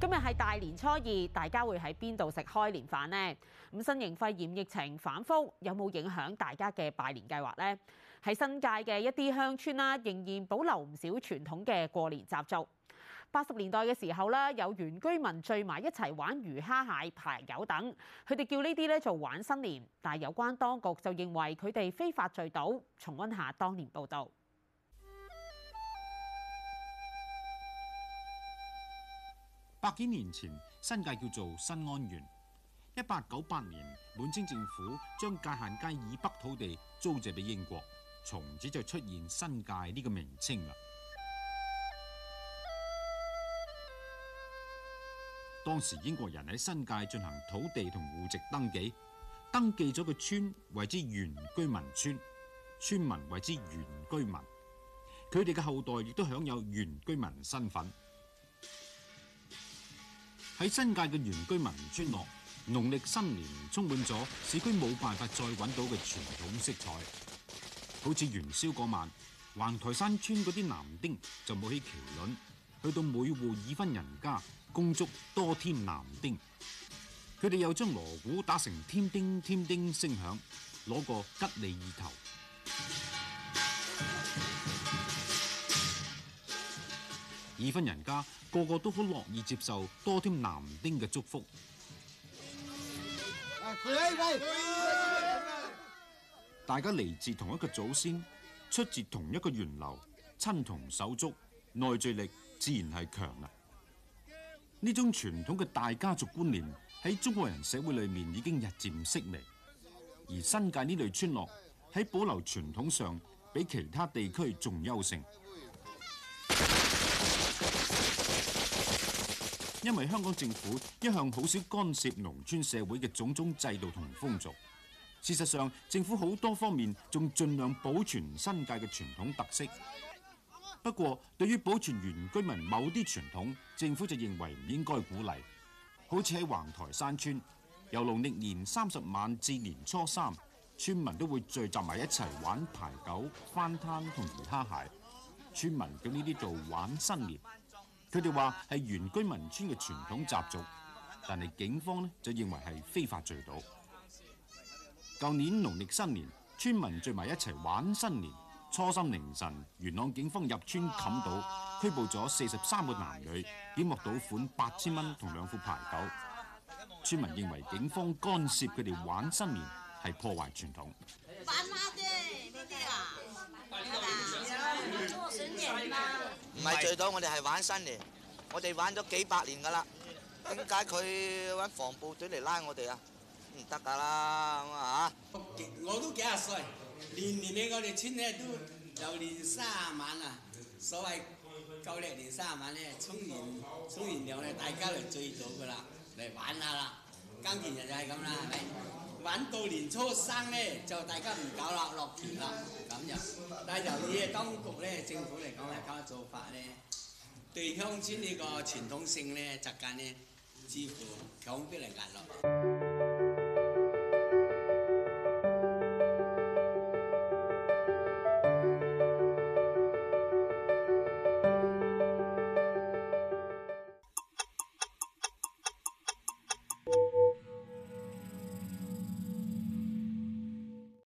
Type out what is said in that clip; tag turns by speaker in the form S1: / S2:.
S1: 今日係大年初二，大家會喺邊度食開年飯呢？咁新型肺炎疫情反覆，有冇影響大家嘅拜年計劃呢？喺新界嘅一啲鄉村啦，仍然保留唔少傳統嘅過年習俗。八十年代嘅時候啦，有原居民聚埋一齊玩魚蝦蟹、牌九等，佢哋叫呢啲咧做玩新年。但有關當局就認為佢哋非法聚賭。重溫下當年報道。
S2: 百幾年前，新界叫做新安縣。一八九八年，滿清政府將界限街以北土地租借俾英國，從此就出現新界呢個名稱啦。當時英國人喺新界進行土地同戶籍登記，登記咗個村為之原居民村，村民為之原居民，佢哋嘅後代亦都享有原居民身份。喺新界嘅原居民村落，農曆新年充滿咗市區冇辦法再揾到嘅傳統色彩，好似元宵嗰晚，橫台山村嗰啲男丁就冇起麒麟，去到每戶已婚人家，供足多添男丁，佢哋又將鑼鼓打成添丁添丁聲響，攞個吉利意頭。已婚人家個個都好樂意接受多添男丁嘅祝福。大家嚟自同一個祖先，出自同一個源流，親同手足，內聚力自然係強啦。呢種傳統嘅大家族觀念喺中國人社會裏面已經日漸式微，而新界呢類村落喺保留傳統上比其他地區仲優勝。因為香港政府一向好少干涉農村社會嘅種種制度同風俗，事實上政府好多方面仲盡量保存新界嘅傳統特色。不過，對於保存原居民某啲傳統，政府就認為唔應該鼓勵。好似喺橫台山村，由農曆年三十晚至年初三，村民都會聚集埋一齊玩牌九、翻攤同其他鞋。村民叫呢啲做玩新年。佢哋話係原居民村嘅傳統習俗，但係警方咧就認為係非法聚賭。舊年農曆新年，村民聚埋一齊玩新年，初三凌晨，元朗警方入村冚到，拘捕咗四十三個男女，檢獲賭款八千蚊同兩副牌九。村民認為警方干涉佢哋玩新年係破壞傳統。
S1: 啲
S2: 啊，唔係聚賭我哋係玩新年，我哋玩咗幾百年噶啦，點解佢揾防暴隊嚟拉我哋啊？唔得噶
S1: 啦，咁啊嚇！
S2: 我都幾廿歲，年年咧我哋村咧都
S1: 有年卅晚啊，所謂舊曆年卅晚咧，衝完衝完涼咧，大家嚟聚到噶啦，嚟玩下啦，耕田人就係咁啦，係咪？玩到年初三咧，就大家唔搞啦，落田啦咁樣，但係由於當局咧，政府嚟講咧，咁嘅做法咧，
S2: 對鄉村呢個傳統性咧，習慣咧，支付強迫嚟壓落。